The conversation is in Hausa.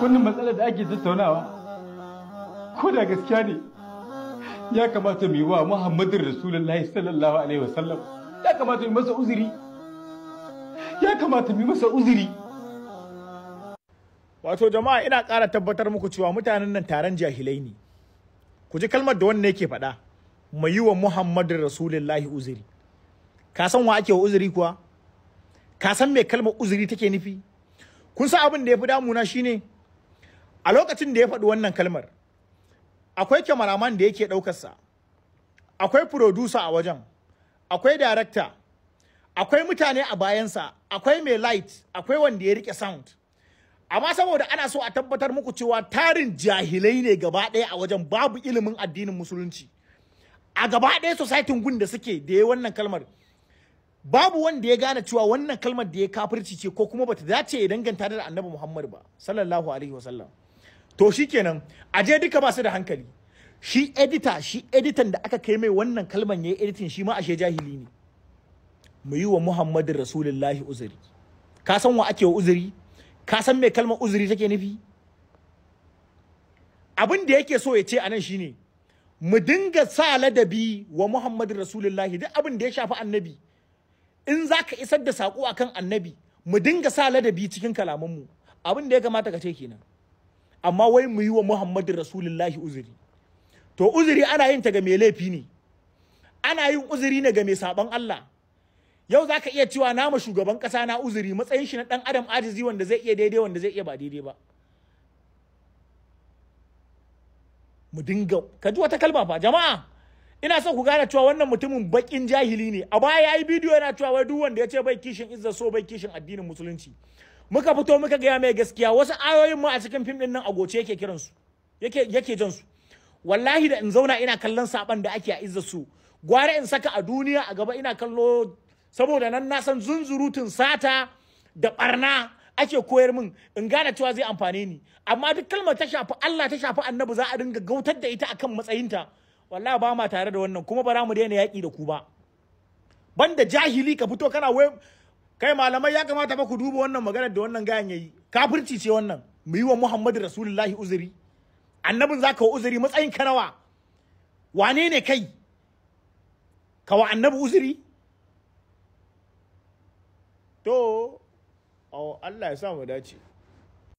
Wannan matsalar da ake tattaunawa, ko da gaskiya ne, ya kamata mu yi wa Muhammadu Rasulullahi sallallahu Alaihi wasallam, ya kamata mu masa uzuri, ya kamata mu masa uzuri. Wato jama'a ina ƙara tabbatar muku cewa mutanen nan taron jahilai ne. Ku ji kalmar da wannan yake faɗa, mu yi wa Muhammadu Rasulullahi uzuri. Ka san wa ake wa uzuri kuwa? Ka san me kalmar uzuri take nufi? kun sa abin da ya fi damuna shine a lokacin da ya faɗi wannan kalmar akwai kyamaraman da yake ɗaukarsa akwai furodusa a wajen akwai darakta akwai mutane a bayansa akwai mai light akwai wanda ya rike sound amma saboda ana so a tabbatar muku cewa tarin jahilai ne gaba ɗaya a wajen babu ilimin addinin musulunci a gaba ɗaya society gun da suke da ya wannan kalmar babu wanda ya gane cewa wannan kalmar da ya kafirci ce ko kuma bata dace ya danganta da annabi Muhammad ba sallallahu alaihi wasallam to shikenan aje duka ba su da hankali shi edita shi editan da aka kai mai wannan kalman yayi editing shi ma ashe jahili ne mu yi wa Muhammadin Rasulullahi uzuri ka san wa ake wa uzuri ka san me kalmar uzuri take nufi abin da yake so ya ce anan shine mu dinga sa ladabi wa Muhammadin Rasulullahi duk abin da ya shafi annabi in za ka isar da saƙo akan annabi mu dinga sa ladabi cikin kalamanmu abin da ya kamata ka ce kenan amma wai mu yi wa muhammadu rasulullahi uzuri to uzuri ana yin ta ga mai laifi ne ana yin uzuri ne ga mai saban Allah yau za ka iya cewa na ma shugaban kasa na uzuri matsayin shi na dan adam ajizi wanda zai iya daidai wanda zai iya ba daidai ba mu dinga ka ji wata kalma fa jama'a ina so ku gane cewa wannan mutumin bakin jahili ne a baya yayi bidiyo yana cewa wai duk wanda ya ce bai kishin izza so bai kishin addinin musulunci muka fito muka ga mai gaskiya wasu ayoyin mu a cikin fim din nan a goce yake kiran su yake yake jan su wallahi da in zauna ina kallon saban da ake a izza su gware in saka a duniya a gaba ina kallo saboda nan na san zunzurutun sata da barna ake koyar min in gane cewa zai amfane ni amma duk kalmar ta shafi Allah ta shafi annabi za a dinga gautar da ita akan matsayinta wallahi ba ma tare da wannan kuma ba za mu daina yaƙi da ku ba banda jahili ka fito kana wai kai malamai ya kamata ba ku duba wannan magana da wannan gayan yayi kafirci ce wannan mu yi wa muhammadu rasulullahi uzuri annabin za ka wa uzuri matsayin ka nawa wane ne kai ka wa annabi uzuri to oh, Allah ya sa mu dace